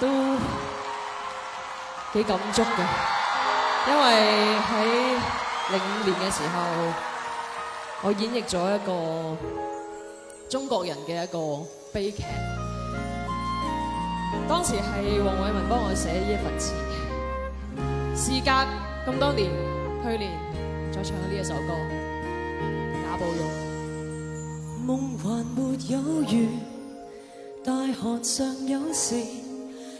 都幾感觸嘅，因為喺零五年嘅時候，我演繹咗一個中國人嘅一個悲劇。當時係黃偉文幫我寫呢一份詞，事隔咁多年，去年再唱呢一首歌《假報應》。夢還沒有完，大寒尚有時。